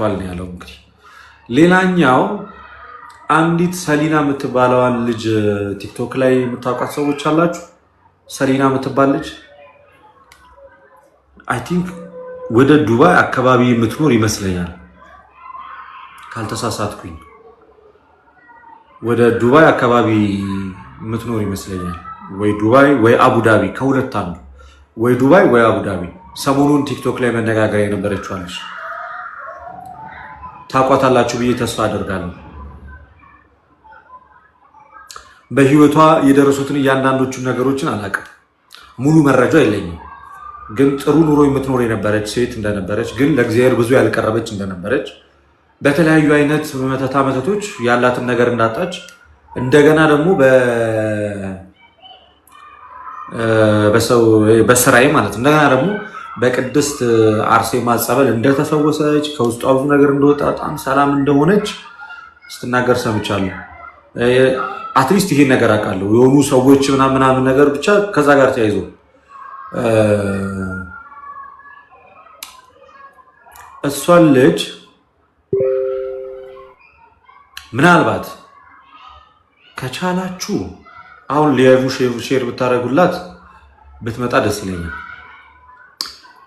ተመልክቷል ነው ያለው። እንግዲህ ሌላኛው አንዲት ሰሊና የምትባለዋን ልጅ ቲክቶክ ላይ የምታውቋት ሰዎች አላችሁ? ሰሊና የምትባል ልጅ አይ ቲንክ ወደ ዱባይ አካባቢ የምትኖር ይመስለኛል ካልተሳሳትኩኝ፣ ወደ ዱባይ አካባቢ የምትኖር ይመስለኛል። ወይ ዱባይ ወይ አቡዳቢ ከሁለት አንዱ፣ ወይ ዱባይ ወይ አቡዳቢ። ሰሞኑን ቲክቶክ ላይ መነጋገር የነበረችዋለች። ታቋታላችሁ ብዬ ተስፋ አደርጋለሁ። በህይወቷ የደረሱትን እያንዳንዶቹን ነገሮችን አላውቅም፣ ሙሉ መረጃ የለኝም። ግን ጥሩ ኑሮ የምትኖር የነበረች ሴት እንደነበረች፣ ግን ለእግዚአብሔር ብዙ ያልቀረበች እንደነበረች፣ በተለያዩ አይነት መተታ መተቶች ያላትን ነገር እንዳጣች እንደገና ደግሞ በሰው በስራዬ ማለት እንደገና ደግሞ በቅድስት አርሴማ ጸበል እንደተፈወሰች ከውስጧ ብዙ ነገር እንደወጣ በጣም ሰላም እንደሆነች ስትናገር ሰምቻለሁ። አትሊስት ይሄን ነገር አውቃለሁ። የሆኑ ሰዎች ምናምናምን ነገር ብቻ ከዛ ጋር ተያይዞ እሷን ልጅ ምናልባት ከቻላችሁ አሁን ሊያዩ ሼር ብታደርጉላት ብትመጣ ደስ ይለኛል።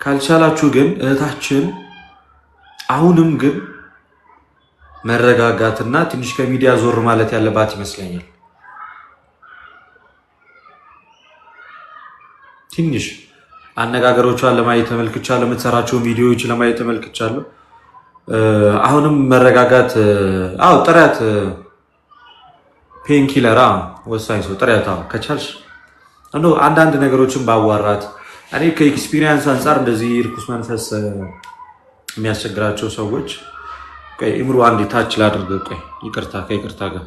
ካልቻላችሁ ግን እህታችን አሁንም ግን መረጋጋትና ትንሽ ከሚዲያ ዞር ማለት ያለባት ይመስለኛል። ትንሽ አነጋገሮቿን ለማየት ተመልክቻለሁ። የምትሰራቸውን ቪዲዮዎች ለማየት ተመልክቻለሁ። አሁንም መረጋጋት። አዎ ጥሪያት፣ ፔንኪለራ ወሳኝ ሰው ጥሪያት። አዎ ከቻልሽ አንዳንድ ነገሮችን ባዋራት እኔ ከኤክስፒሪየንስ አንጻር እንደዚህ ርኩስ መንፈስ የሚያስቸግራቸው ሰዎች እምሮ አንድ ታች ላድርግ። ቆይ ይቅርታ፣ ከይቅርታ ጋር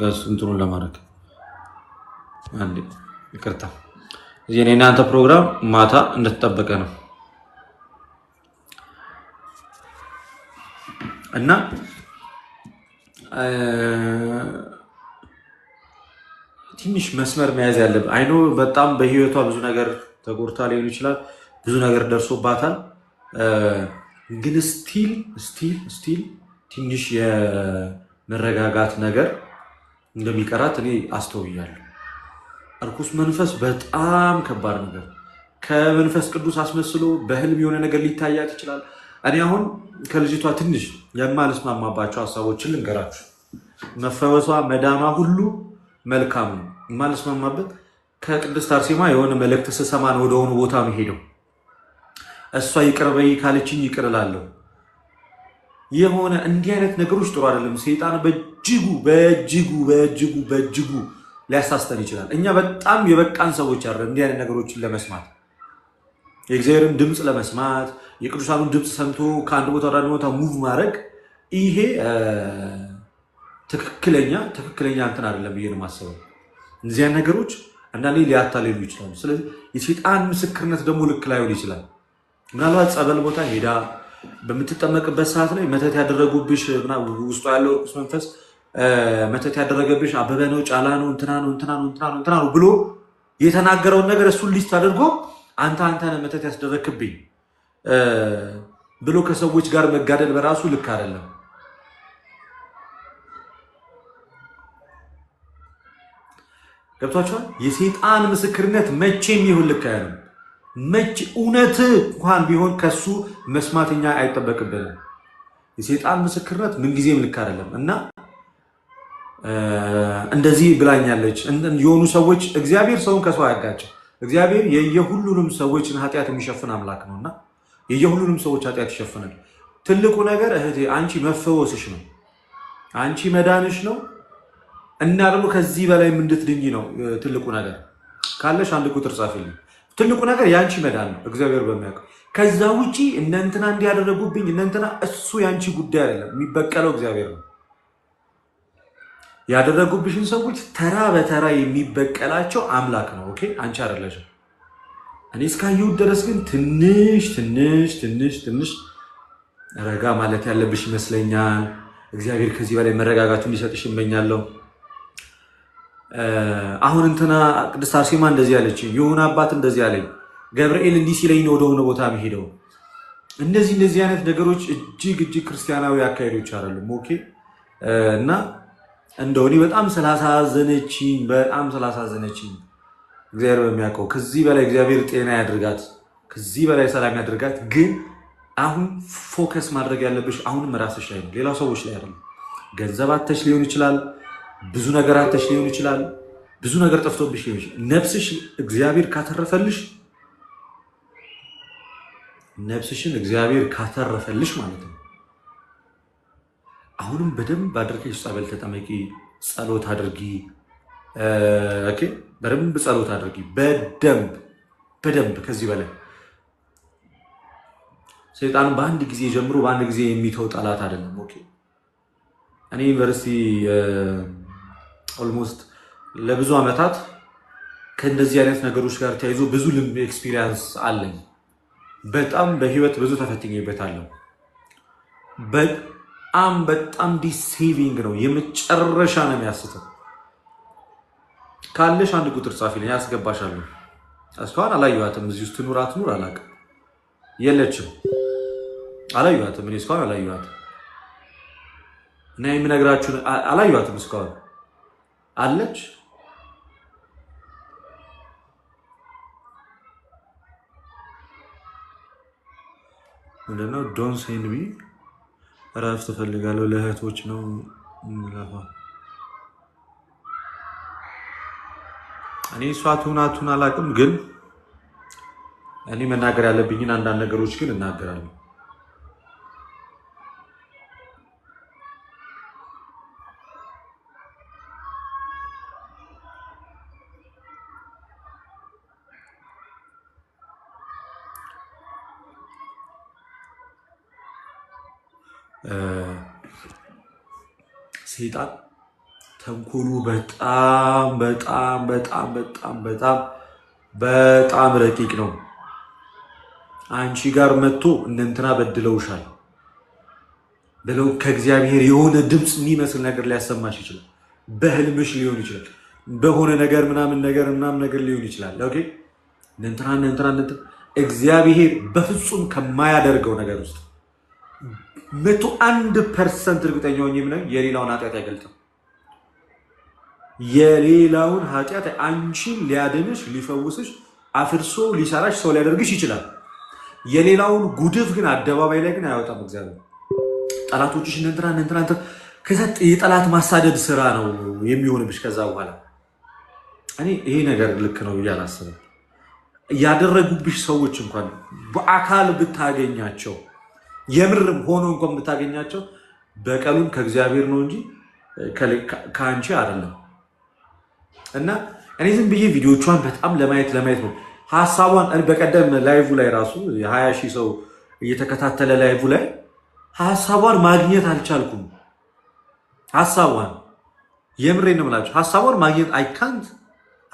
ጋዝ እንትኑን ለማድረግ ይቅርታ። እኔ እናንተ ፕሮግራም ማታ እንደተጠበቀ ነው እና ትንሽ መስመር መያዝ ያለብህ አይኖ በጣም በህይወቷ ብዙ ነገር ተጎድታ ሊሆን ይችላል። ብዙ ነገር ደርሶባታል። ግን ስቲል ስቲል ስቲል ትንሽ የመረጋጋት ነገር እንደሚቀራት እኔ አስተውያለሁ። እርኩስ መንፈስ በጣም ከባድ ነገር ከመንፈስ ቅዱስ አስመስሎ በህልም የሆነ ነገር ሊታያት ይችላል። እኔ አሁን ከልጅቷ ትንሽ የማልስማማባቸው ሀሳቦችን ልንገራችሁ። መፈወሷ መዳኗ ሁሉ መልካም ነው። የማልስማማበት ከቅድስት አርሴማ የሆነ መልእክት ስሰማን ወደሆኑ ቦታ መሄደው እሷ ይቅርበይ ካለችኝ ይቅርላለሁ። የሆነ እንዲህ አይነት ነገሮች ጥሩ አይደለም። ሰይጣን በእጅጉ በእጅጉ በእጅጉ በእጅጉ ሊያሳስተን ይችላል። እኛ በጣም የበቃን ሰዎች አለ እንዲህ አይነት ነገሮችን ለመስማት የእግዚአብሔርን ድምፅ ለመስማት የቅዱሳኑን ድምፅ ሰምቶ ከአንድ ቦታ ወደ አንድ ቦታ ሙቭ ማድረግ ይሄ ትክክለኛ ትክክለኛ እንትን አይደለም ብዬ ነው የማስበው። እነዚያን ነገሮች አንዳንዴ ሊያታልሉ ይችላሉ። ስለዚህ የሴጣን ምስክርነት ደግሞ ልክ ላይሆን ይችላል። ምናልባት ጸበል ቦታ ሄዳ በምትጠመቅበት ሰዓት ላይ መተት ያደረጉብሽ ውስጡ ያለው ርኩስ መንፈስ መተት ያደረገብሽ አበበ ነው፣ ጫላ ነው፣ እንትና ነው፣ እንትና ነው፣ እንትና ነው፣ እንትና ነው ብሎ የተናገረውን ነገር እሱን ሊስት አድርጎ አንተ አንተ ነህ መተት ያስደረክብኝ ብሎ ከሰዎች ጋር መጋደል በራሱ ልክ አይደለም። ገብቷቸዋል። የሴጣን ምስክርነት መቼም ይሁን ልክ አይሆንም። መቼ እውነት እንኳን ቢሆን ከሱ መስማትኛ አይጠበቅብንም። የሴጣን ምስክርነት ምንጊዜም ልክ አይደለም እና እንደዚህ ብላኛለች የሆኑ ሰዎች እግዚአብሔር ሰውን ከሰው አያጋጭም። እግዚአብሔር የየሁሉንም ሰዎችን ኃጢአት የሚሸፍን አምላክ ነው እና የየሁሉንም ሰዎች ኃጢአት ይሸፍናል። ትልቁ ነገር እህቴ አንቺ መፈወስሽ ነው። አንቺ መዳንሽ ነው። እና ደግሞ ከዚህ በላይ እንድትድኝ ነው ትልቁ ነገር። ካለሽ አንድ ቁጥር ጻፊልኝ። ትልቁ ነገር የአንቺ መዳን ነው እግዚአብሔር በሚያውቅ። ከዛ ውጪ እነንትና እንዲያደረጉብኝ እነንትና፣ እሱ የአንቺ ጉዳይ አይደለም። የሚበቀለው እግዚአብሔር ነው። ያደረጉብሽን ሰዎች ተራ በተራ የሚበቀላቸው አምላክ ነው። ኦኬ አንቺ አይደለሽም። እኔ እስካየሁት ድረስ ግን ትንሽ ትንሽ ትንሽ ትንሽ ረጋ ማለት ያለብሽ ይመስለኛል። እግዚአብሔር ከዚህ በላይ መረጋጋቱን እንዲሰጥሽ ይመኛለሁ። አሁን እንትና ቅድስት አርሴማ እንደዚህ ያለች የሆነ አባት እንደዚህ አለኝ፣ ገብርኤል እንዲህ ሲለኝ ነው ወደሆነ ቦታ መሄደው። እንደዚህ እንደዚህ አይነት ነገሮች እጅግ እጅግ ክርስቲያናዊ አካሄዶች አይደሉም። ኦኬ እና እንደው እኔ በጣም ስላሳዘነችኝ በጣም ስላሳዘነችኝ እግዚአብሔር በሚያውቀው ከዚህ በላይ እግዚአብሔር ጤና ያድርጋት፣ ከዚህ በላይ ሰላም ያድርጋት። ግን አሁን ፎከስ ማድረግ ያለብሽ አሁንም ራስሽ ላይ ነው፣ ሌላ ሰዎች ላይ አይደለም። ገንዘብ አተሽ ሊሆን ይችላል ብዙ ነገር አተሽ ሊሆን ይችላል። ብዙ ነገር ጠፍቶብሽ ሊሆን ይችላል። ነፍስሽ እግዚአብሔር ካተረፈልሽ ነፍስሽን እግዚአብሔር ካተረፈልሽ ማለት ነው። አሁንም በደንብ አድርገሽ ጸበል ተጠመቂ፣ ጸሎት አድርጊ። ኦኬ፣ በደንብ ጸሎት አድርጊ። በደንብ በደንብ ከዚህ በላይ ሰይጣኑ በአንድ ጊዜ ጀምሮ በአንድ ጊዜ የሚተው ጠላት አይደለም። ኦኬ፣ እኔ ዩኒቨርሲቲ ኦልሞስት ለብዙ ዓመታት ከእንደዚህ አይነት ነገሮች ጋር ተያይዞ ብዙ ልምድ ኤክስፒሪያንስ አለኝ። በጣም በህይወት ብዙ ተፈትኜበታለሁ። በጣም በጣም ዲሴቪንግ ነው። የመጨረሻ ነው የሚያስተው። ካለሽ አንድ ቁጥር ጻፊልኝ፣ ያስገባሻለሁ። እስካሁን አላየኋትም። እዚህ ውስጥ ኑር አትኑር አላውቅም። የለችም፣ አላየኋትም። እኔ እስካሁን አላየኋትም እና የምነግራችሁን አላየኋትም እስካሁን አለች። ምንድነው? ዶን ሴንቢ እረፍት እፈልጋለሁ ለእህቶች ነው ምለፋ እኔ እሷ ትሁናቱን አላውቅም፣ ግን እኔ መናገር ያለብኝን አንዳንድ ነገሮች ግን እናገራለሁ። ሰይጣን ተንኮሉ በጣም በጣም በጣም በጣም በጣም በጣም ረቂቅ ነው። አንቺ ጋር መጥቶ እነንትና በድለውሻል ብለው ከእግዚአብሔር የሆነ ድምፅ የሚመስል ነገር ሊያሰማሽ ይችላል። በህልምሽ ሊሆን ይችላል። በሆነ ነገር ምናምን ነገር ምናምን ነገር ሊሆን ይችላል። ኦኬ እነንትና እነንትና እግዚአብሔር በፍጹም ከማያደርገው ነገር ውስጥ መቶ አንድ ፐርሰንት እርግጠኛ ሆኜ ምነው የሌላውን ኃጢአት አይገልጥም። የሌላውን ኃጢአት አንቺን ሊያድንሽ ሊፈውስሽ አፍርሶ ሊሰራሽ ሰው ሊያደርግሽ ይችላል። የሌላውን ጉድፍ ግን አደባባይ ላይ ግን አያወጣም። እግዚአብሔር ጠላቶችሽ እንትና እንትና ከዛ የጠላት ማሳደድ ስራ ነው የሚሆንብሽ። ከዛ በኋላ እኔ ይሄ ነገር ልክ ነው ብዬ አላስብም። ያደረጉብሽ ሰዎች እንኳን በአካል ብታገኛቸው የምርም ሆኖ እንኳ የምታገኛቸው በቀሉም ከእግዚአብሔር ነው እንጂ ከአንቺ አይደለም። እና እኔ ዝም ብዬ ቪዲዮቿን በጣም ለማየት ለማየት ነው ሀሳቧን። በቀደም ላይቭ ላይ ራሱ የሀያ ሺህ ሰው እየተከታተለ ላይቭ ላይ ሀሳቧን ማግኘት አልቻልኩም። ሀሳቧን የምሬ ነው የምላቸው ሀሳቧን ማግኘት አይካንት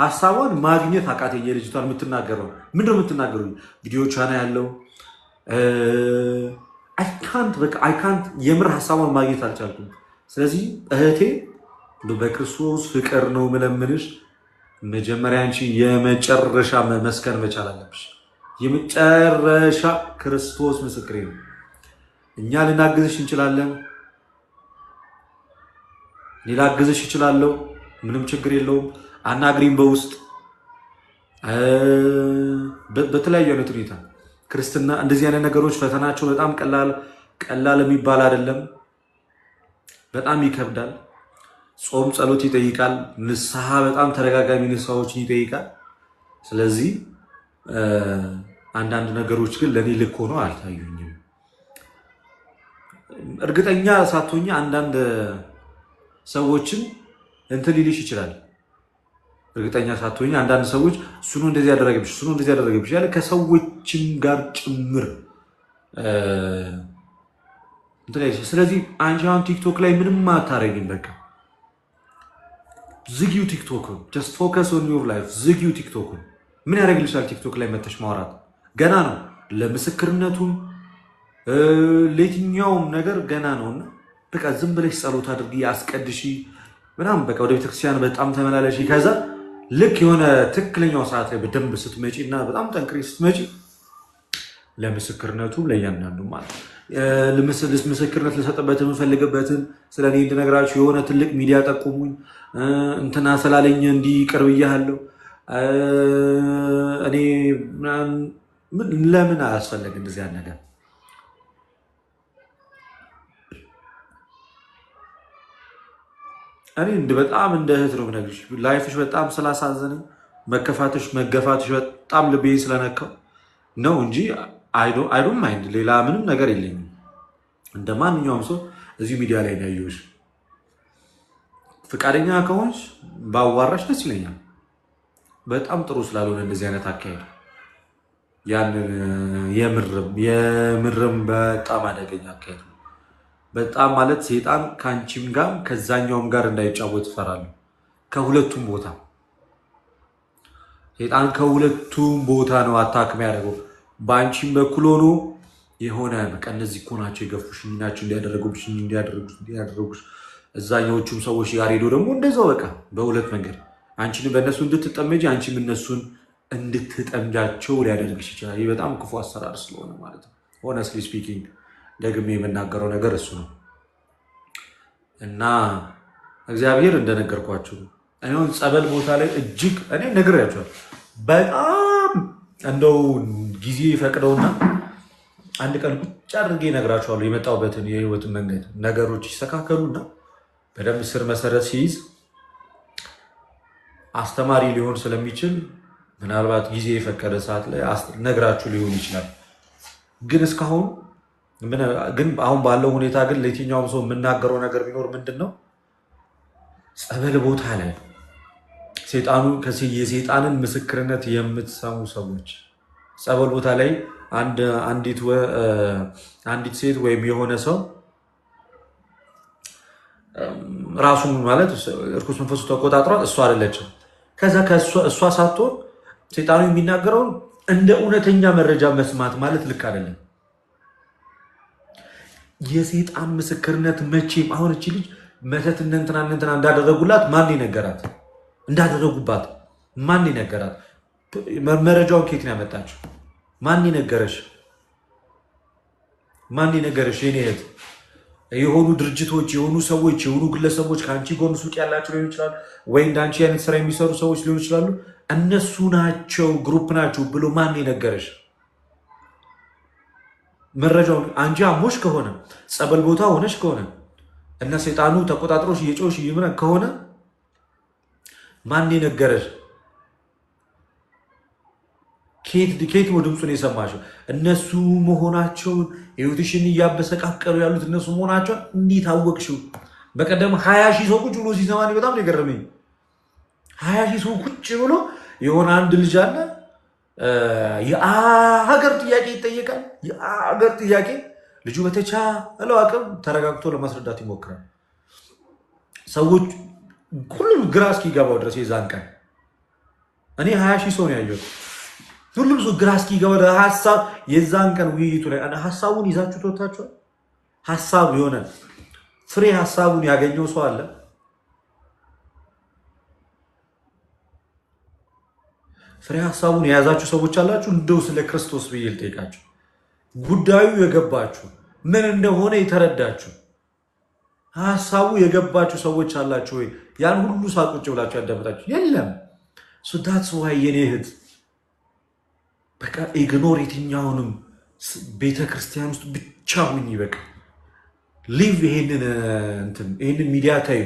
ሀሳቧን ማግኘት አቃተኝ። የልጅቷን የምትናገረው ምንድነው የምትናገሩ ቪዲዮቿ ነው ያለው አይካንት በቃ አይካንት የምር ሀሳቧን ማግኘት አልቻልኩም። ስለዚህ እህቴ በክርስቶስ ፍቅር ነው ምለምንሽ፣ መጀመሪያ አንቺ የመጨረሻ መመስከር መቻል አለብሽ። የመጨረሻ ክርስቶስ ምስክሬ ነው። እኛ ልናግዝሽ እንችላለን፣ እኔ ላግዝሽ እችላለሁ። ምንም ችግር የለውም። አናግሪም በውስጥ በተለያዩ አይነት ሁኔታ ክርስትና እንደዚህ አይነት ነገሮች ፈተናቸው በጣም ቀላል ቀላል የሚባል አይደለም። በጣም ይከብዳል። ጾም ጸሎት ይጠይቃል። ንስሐ በጣም ተደጋጋሚ ንስሐዎችን ይጠይቃል። ስለዚህ አንዳንድ ነገሮች ግን ለእኔ ልክ ነው አልታዩኝም። እርግጠኛ ሳትሆኝ አንዳንድ ሰዎችን እንትን ሊልሽ ይችላል እርግጠኛ ሳትሆኝ አንዳንድ ሰዎች እሱኑ እንደዚህ ያደረገብሽ እሱኑ እንደዚህ ያደረገብሽ ያለ ከሰዎችም ጋር ጭምር ስለዚህ አንቺ አሁን ቲክቶክ ላይ ምንም አታረጊም። በቃ ዝጊው ቲክቶክን፣ ጀስት ፎከስ ኦን ዮር ላይፍ። ዝጊው ቲክቶክን። ምን ያደርግልሻል ቲክቶክ ላይ መተሽ ማውራት? ገና ነው ለምስክርነቱም ለየትኛውም ነገር ገና ነውና በቃ ዝም ብለሽ ጸሎት አድርጊ፣ አስቀድሺ ምናምን በቃ ወደ ቤተክርስቲያን በጣም ተመላለሺ ከዛ ልክ የሆነ ትክክለኛው ሰዓት ላይ በደንብ ስትመጪ እና በጣም ጠንክሪ ስትመጪ ለምስክርነቱ ለእያንዳንዱ ማለት ምስክርነት ልሰጥበት የምፈልግበትን ስለ እኔ እንድነግራችሁ የሆነ ትልቅ ሚዲያ ጠቁሙኝ፣ እንትና ስላለኝ እንዲህ ቅርብ እያለሁ እኔ ለምን አያስፈለግ እንደዚህ ነገር እኔ እንደ በጣም እንደ እህት ነው የምነግርሽ። ላይፍሽ በጣም ስላሳዘነኝ መከፋትሽ፣ መገፋትሽ በጣም ልቤ ስለነካው ነው እንጂ አይዶ ማይንድ ሌላ ምንም ነገር የለኝም። እንደ ማንኛውም ሰው እዚሁ ሚዲያ ላይ ያየሁሽ። ፈቃደኛ ከሆንሽ ባዋራሽ ደስ ይለኛል። በጣም ጥሩ ስላልሆነ እንደዚህ አይነት አካሄድ ያንን የምርም የምርም በጣም አደገኛ አካሄድ ነው። በጣም ማለት ሴጣን ከአንቺም ጋር ከዛኛውም ጋር እንዳይጫወት እፈራለሁ። ከሁለቱም ቦታ ሴጣን ከሁለቱም ቦታ ነው አታክም ያደርገው። በአንቺም በኩል ሆኖ የሆነ በቃ እነዚህ እኮ ናቸው የገፉሽ፣ ናቸው እንዲያደረጉብሽ፣ እንዲያደረጉሽ እዛኛዎቹም ሰዎች ጋር ሄዶ ደግሞ እንደዛው በቃ በሁለት መንገድ አንቺን በእነሱ እንድትጠመጅ፣ አንቺም እነሱን እንድትጠምጃቸው ሊያደርግሽ ይችላል። ይህ በጣም ክፉ አሰራር ስለሆነ ማለት ነው ሆነስትሊ ስፒኪንግ ደግሜ የምናገረው ነገር እሱ ነው እና እግዚአብሔር እንደነገርኳችሁ እኔውን ጸበል ቦታ ላይ እጅግ እኔ ነግሬያችኋል። በጣም እንደው ጊዜ ይፈቅደውና አንድ ቀን ቁጭ አድርጌ እነግራችኋለሁ የመጣሁበትን የህይወትን መንገድ። ነገሮች ይስተካከሉና በደንብ ስር መሰረት ሲይዝ አስተማሪ ሊሆን ስለሚችል ምናልባት ጊዜ የፈቀደ ሰዓት ላይ ነግራችሁ ሊሆን ይችላል ግን እስካሁን ግን አሁን ባለው ሁኔታ ግን ለየትኛውም ሰው የምናገረው ነገር ቢኖር ምንድን ነው፣ ጸበል ቦታ ላይ የሴጣንን ምስክርነት የምትሰሙ ሰዎች ጸበል ቦታ ላይ አንዲት ሴት ወይም የሆነ ሰው ራሱን ማለት እርኩስ መንፈሱ ተቆጣጥሯል፣ እሷ አይደለችም። ከዛ እሷ ሳትሆን ሴጣኑ የሚናገረውን እንደ እውነተኛ መረጃ መስማት ማለት ልክ አይደለም። የሴጣን ምስክርነት መቼም አሁን እቺ ልጅ መተት እንትና እንትና እንዳደረጉላት ማን ነገራት? እንዳደረጉባት ማን ነገራት? መረጃውን ኬት ነው ያመጣችው? ማን ነገረሽ? ማን ነገረሽ? የኔ እህት የሆኑ ድርጅቶች፣ የሆኑ ሰዎች፣ የሆኑ ግለሰቦች ከአንቺ ጎን ሱቅ ያላቸው ሊሆን ይችላሉ ወይ እንደ አንቺ አይነት ስራ የሚሰሩ ሰዎች ሊሆን ይችላሉ። እነሱ ናቸው ግሩፕ ናቸው ብሎ ማን ነገረሽ? መረጃው አንቺ አሞሽ ከሆነ ጸበል ቦታ ሆነሽ ከሆነ እና ሰይጣኑ ተቆጣጥሮሽ እየጮሽ ይምረ ከሆነ ማን የነገረሽ? ኬት ነው ድምፁን የሰማሽው? እነሱ መሆናቸውን ህይወትሽን እያበሰቃቀሉ ያሉት እነሱ መሆናቸውን እንዴት አወቅሽው? በቀደም ሀያ ሺህ ሰው ቁጭ ብሎ ሲሰማ በጣም ነው የገረመኝ። ሀያ ሺህ ሰው ቁጭ ብሎ የሆነ አንድ ልጅ አለ የአገር ጥያቄ ይጠየቃል። የአገር ጥያቄ ልጁ በተቻለው አቅም ተረጋግቶ ለማስረዳት ይሞክራል። ሰዎች ሁሉም ግራ እስኪገባው ድረስ የዛን ቀን እኔ ሀያ ሺህ ሰው ነው ያየሁት። ሁሉም ሰው ግራ እስኪገባ ሀሳብ የዛን ቀን ውይይቱ ላይ ሀሳቡን ይዛችሁ ትወታችኋል። ሀሳብ የሆነ ፍሬ ሀሳቡን ያገኘው ሰው አለ። ፍሬ ሀሳቡን የያዛችሁ ሰዎች አላችሁ። እንደው ስለ ክርስቶስ ብዬ ልጠይቃችሁ፣ ጉዳዩ የገባችሁ ምን እንደሆነ የተረዳችሁ ሀሳቡ የገባችሁ ሰዎች አላችሁ ወይ? ያን ሁሉ ሳቁጭ ብላችሁ ያዳመጣችሁ የለም። ሱዳት ስዋይ የኔ እህት በቃ ኢግኖር የትኛውንም ቤተ ክርስቲያን ውስጥ ብቻ ሁኝ። በቃ ሊቭ ይሄንን እንትን ይሄንን ሚዲያ ተዩ፣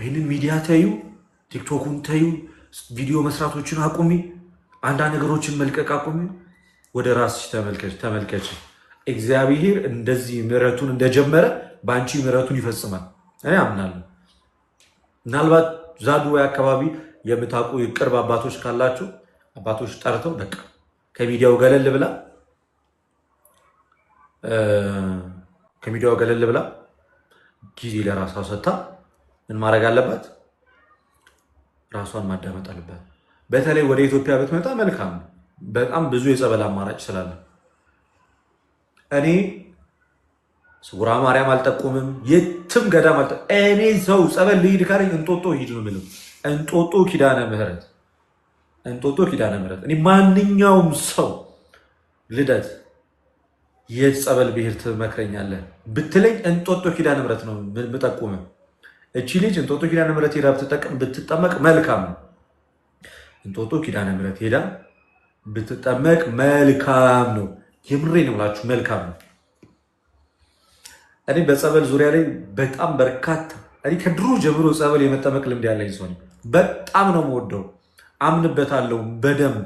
ይሄንን ሚዲያ ተዩ፣ ቲክቶኩን ተዩ ቪዲዮ መስራቶችን አቁሚ፣ አንዳንድ ነገሮችን መልቀቅ አቁሚ። ወደ ራስሽ ተመልከች። እግዚአብሔር እንደዚህ ምሕረቱን እንደጀመረ በአንቺ ምሕረቱን ይፈጽማል፣ እኔ አምናለሁ። ምናልባት ወይ አካባቢ የምታውቁ የቅርብ አባቶች ካላችሁ አባቶች ጠርተው በቃ ከሚዲያው ገለል ብላ ከሚዲያው ገለል ብላ ጊዜ ለራሷ ሰጥታ ምን ማድረግ አለባት? ራሷን ማዳመጥ አለባት። በተለይ ወደ ኢትዮጵያ ብትመጣ መልካም ነው። በጣም ብዙ የጸበል አማራጭ ስላለ እኔ ስውራ ማርያም አልጠቁምም፣ የትም ገዳም አልጠቁም። እኔ ሰው ጸበል ልሂድ ካለኝ እንጦጦ ሂድ ነው የምልህ። እንጦጦ ኪዳነ ምሕረት እንጦጦ ኪዳነ ምሕረት። እኔ ማንኛውም ሰው ልደት የት ጸበል ብሄድ ትመክረኛለህ ብትለኝ እንጦጦ ኪዳነ ምሕረት ነው የምጠቁምህ። እቺ ልጅ እንጦጦ ኪዳነ ምሕረት ሄዳ ብትጠቀም ብትጠመቅ መልካም ነው። እንጦጦ ኪዳነ ምሕረት ሄዳ ብትጠመቅ መልካም ነው። የምሬ ነው ላችሁ መልካም ነው። እኔ በጸበል ዙሪያ ላይ በጣም በርካታ እኔ ከድሮ ጀምሮ ጸበል የመጠመቅ ልምድ ያለኝ ሰው በጣም ነው የምወደው፣ አምንበታለሁ በደንብ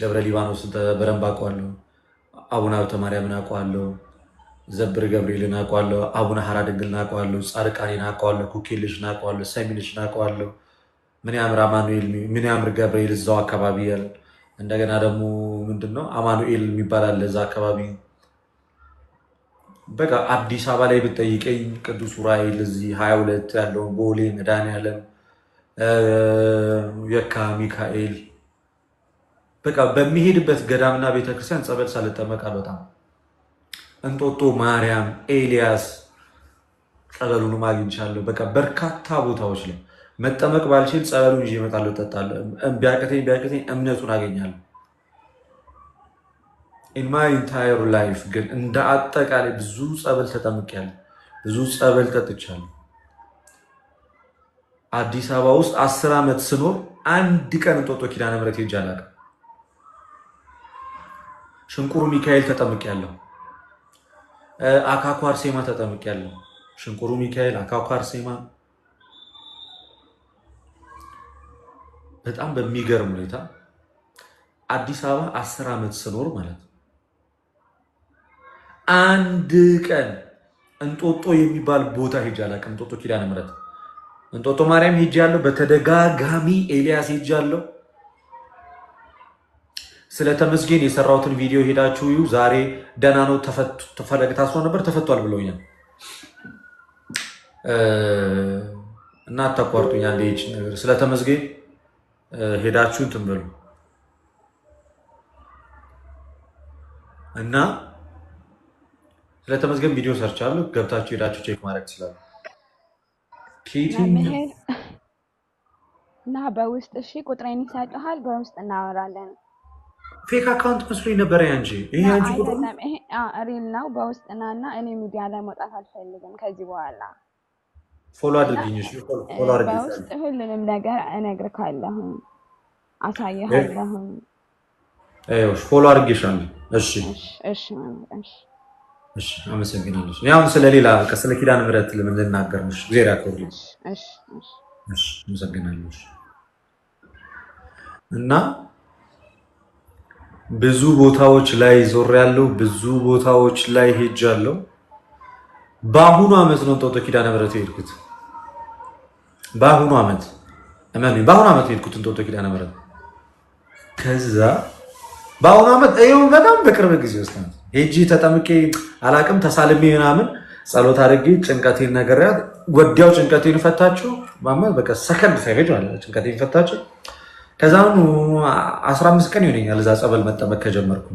ደብረ ሊባኖስ በደንብ አውቀዋለሁ። አቡነ ሀብተ ማርያምን አውቀዋለሁ። ዘብር ገብርኤልን አውቀዋለሁ። አቡነ ሀራ ድንግልን አውቀዋለሁ። ጻድቃኔን አውቀዋለሁ። ኩኪ ልጅ አውቀዋለሁ። ሰሚንሽን አውቀዋለሁ። ምን ያምር አማኑኤል፣ ምን ያምር ገብርኤል እዛው አካባቢ ያል እንደገና ደግሞ ምንድን ነው አማኑኤል የሚባል አለ እዛ አካባቢ። በቃ አዲስ አበባ ላይ ብጠይቀኝ ቅዱስ ዑራኤል እዚህ ሀያ ሁለት ያለውን ቦሌ መድኃኒዓለም የካ ሚካኤል በቃ በሚሄድበት ገዳምና ቤተክርስቲያን ጸበል ሳልጠመቅ አልወጣም። እንጦጦ ማርያም፣ ኤልያስ ጸበሉንም አግኝቻለሁ። በቃ በርካታ ቦታዎች ላይ መጠመቅ ባልችል ጸበሉን ይዤ እመጣለሁ፣ እጠጣለሁ። ቢያቅተኝ ቢያቅተኝ እምነቱን አገኛለሁ። ኢን ኢንታየር ላይፍ ግን እንደ አጠቃላይ ብዙ ጸበል ተጠምቄያለሁ፣ ብዙ ጸበል ጠጥቻለሁ። አዲስ አበባ ውስጥ አስር ዓመት ስኖር አንድ ቀን እንጦጦ ኪዳነ ምሕረት ሄጄ አላውቅም። ሽንቁሩ ሚካኤል ተጠምቄያለሁ። አካኩ አርሴማ ተጠምቄያለሁ። ሽንቁሩ ሚካኤል፣ አካኩ አርሴማ በጣም በሚገርም ሁኔታ አዲስ አበባ አስር ዓመት ስኖር ማለት ነው አንድ ቀን እንጦጦ የሚባል ቦታ ሄጄ አላውቅም። እንጦጦ ኪዳነ ምሕረት፣ እንጦጦ ማርያም ሄጄ በተደጋጋሚ ኤልያስ ሄጄ ያለው ስለ ተመስገን የሰራሁትን ቪዲዮ ሄዳችሁ ዩ ዛሬ ደህና ነው ፈለገ ታስሮ ነበር ተፈቷል ብለውኛል። እና አታቋርጡኝ። አንድ ይች ነገር ስለ ተመስገን ሄዳችሁ እንትን በሉ እና ስለ ተመስገን ቪዲዮ ሰርቻለሁ። ገብታችሁ ሄዳችሁ ቼክ ማድረግ ትችላሉ። እና በውስጥ እሺ፣ ቁጥሬን ይሰጥሃል። በውስጥ እናወራለን ፌክ አካውንት መስሎ ነበረ። ያንቺ ሪል ነው። በውስጥ እና እኔ ሚዲያ ላይ መውጣት አልፈልግም ከዚህ በኋላ ፎሎ አድርግኝ። በውስጥ ሁሉንም ነገር እነግርካለሁ፣ አሳይሃለሁ። ፎሎ አድርጌሻለሁ። እሺ፣ እሺ፣ አመሰግናለሁ። ያሁን ስለሌላ ስለ ኪዳነ ምሕረት ልናገር ነሽ። ዜር ያከብሩ። አመሰግናለሁ እና ብዙ ቦታዎች ላይ ዞር ያለው ብዙ ቦታዎች ላይ ሄጃለሁ። በአሁኑ ዓመት ነው እንጦጦ ኪዳነ ምሕረት የሄድኩት። በአሁኑ ዓመት እመኑ፣ በአሁኑ ዓመት የሄድኩት እንጦጦ ኪዳነ ምሕረት። ከዛ በአሁኑ ዓመት ይኸው በጣም በቅርብ ጊዜ ውስጥ ናት ሄጂ ተጠምቄ አላቅም ተሳልሜ ምናምን ጸሎት አድርጌ ጭንቀቴን ነገርያት። ወዲያው ጭንቀቴን ፈታችሁ በቃ ሰከንድ ሳይፈጅ ማለት ጭንቀቴን ፈታችሁ ከዛኑ 15 ቀን ይሆነኛል እዛ ጸበል መጠመቅ ከጀመርኩ።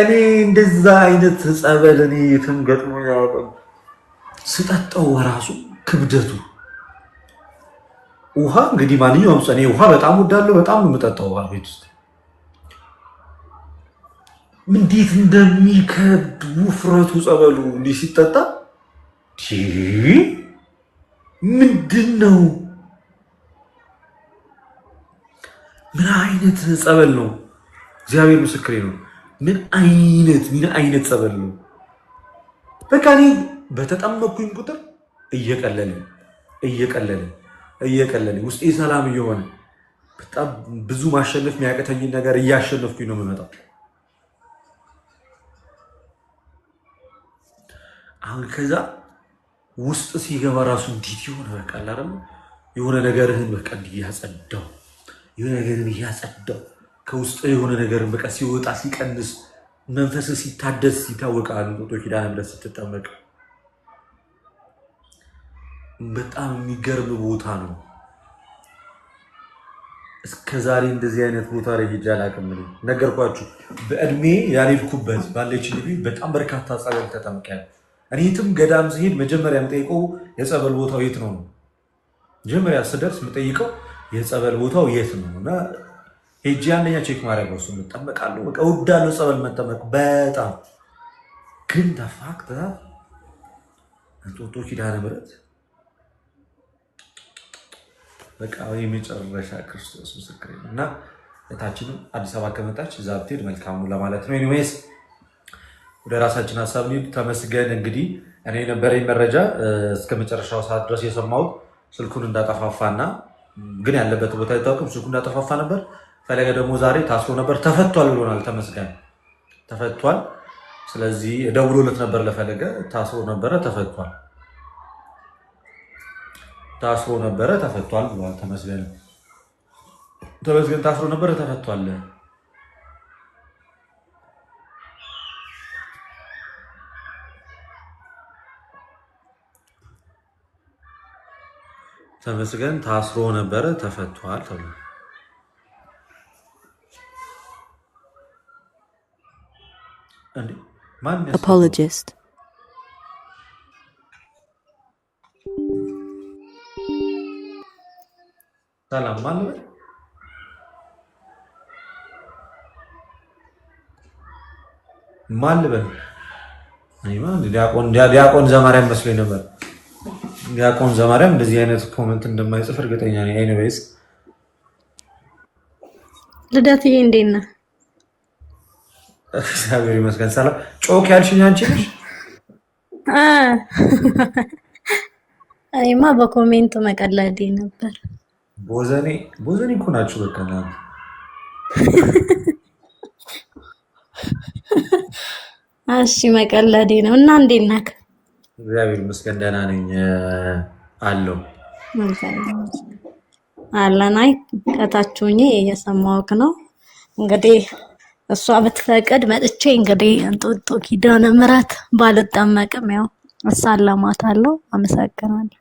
እኔ እንደዛ አይነት ጸበል እኔ የትም ገጥሞ ያውቅም። ስጠጠው ራሱ ክብደቱ ውሃ እንግዲህ ማንኛውም እኔ ውሃ በጣም ወዳለሁ። በጣም ነው የምጠጣው ውሃ ቤት ውስጥ እንዴት እንደሚከብድ ውፍረቱ ጸበሉ እንዲህ ሲጠጣ ምንድን ነው ምን አይነት ጸበል ነው? እግዚአብሔር ምስክሬ ነው። ምን አይነት ምን አይነት ጸበል ነው? በቃ እኔ በተጠመኩኝ ቁጥር እየቀለለ እየቀለለኝ እየቀለለኝ ውስጤ ሰላም እየሆነ በጣም ብዙ ማሸነፍ የሚያቀተኝን ነገር እያሸነፍኩኝ ነው የምመጣው። አሁን ከዛ ውስጥ ሲገባ ራሱ እንዴት የሆነ በቃ የሆነ ነገርህን በቃ እንዲህ የሆነ ነገርን እያጸዳው ከውስጥ የሆነ ነገርን በቃ ሲወጣ ሲቀንስ መንፈስ ሲታደስ ይታወቃል። እንጦጦ ኪዳነ ምሕረት ስትጠመቅ በጣም የሚገርም ቦታ ነው። እስከ ዛሬ እንደዚህ አይነት ቦታ ላይ ሄጄ አላውቅም። ነገርኳችሁ፣ በእድሜ ያልሄድኩበት ባለች ልቢ በጣም በርካታ ጸበል ተጠምቄያለሁ። እኔ የትም ገዳም ስሄድ መጀመሪያ የምጠይቀው የጸበል ቦታው የት ነው ነው። መጀመሪያ ስደርስ የምጠይቀው የጸበል ቦታው የት ነው እና ሄጂ አንደኛ ቼክ ማድረግ ነው። እሱን እጠመቃለሁ፣ በቃ እወዳለሁ ጸበል መጠመቅ በጣም ግን ተፋክተ እንጦጦ ዳነ ምረት በቃ የመጨረሻ ክርስቶስ ምስክር እና እታችንም አዲስ አበባ ከመጣች እዛ ብትሄድ መልካም ለማለት ነው። ኒስ ወደ ራሳችን ሀሳብ ኒድ ተመስገን። እንግዲህ እኔ የነበረኝ መረጃ እስከ መጨረሻው ሰዓት ድረስ የሰማሁት ስልኩን እንዳጠፋፋና ግን ያለበት ቦታ አይታወቅም። ስልኩ እንዳጠፋፋ ነበር። ፈለገ ደግሞ ዛሬ ታስሮ ነበር ተፈቷል ብሎናል። ተመስገን ተፈቷል። ስለዚህ ደውሎለት ነበር ለፈለገ። ታስሮ ነበረ ተፈቷል፣ ታስሮ ነበረ ተፈቷል ብሏል። ተመስገን ተመስገን ታስሮ ነበረ ተፈቷል። ተመስገን ታስሮ ነበረ ተፈቷል ተብሎ apologist ሰላም ማለ ማልበን ዲያቆን ዘማርያም መስሎኝ ነበር። ዲያቆን ዘማርያም እንደዚህ አይነት ኮመንት እንደማይጽፍ እርግጠኛ ነኝ። ኤኒዌይስ ልደትዬ እንዴት ነህ? እግዚአብሔር ይመስገን። ሰላም ጮክ ያልሽኝ አንቺ ነሽ? እኔማ በኮሜንት መቀለዴ ነበር። ቦዘኔ ቦዘኔ እኮ ናችሁ። በቃ እሺ፣ መቀለዴ ነው እና እንዴት ናት? እግዚአብሔር ይመስገን ደህና ነኝ አለው። አለናይ ከታችሁኝ እየሰማሁህ ነው። እንግዲህ እሷ ብትፈቅድ መጥቼ እንግዲህ እንጦጦ ኪዳነ ምሕረት ባልጠመቅም ያው እሳለማታለሁ። አመሰግናለሁ።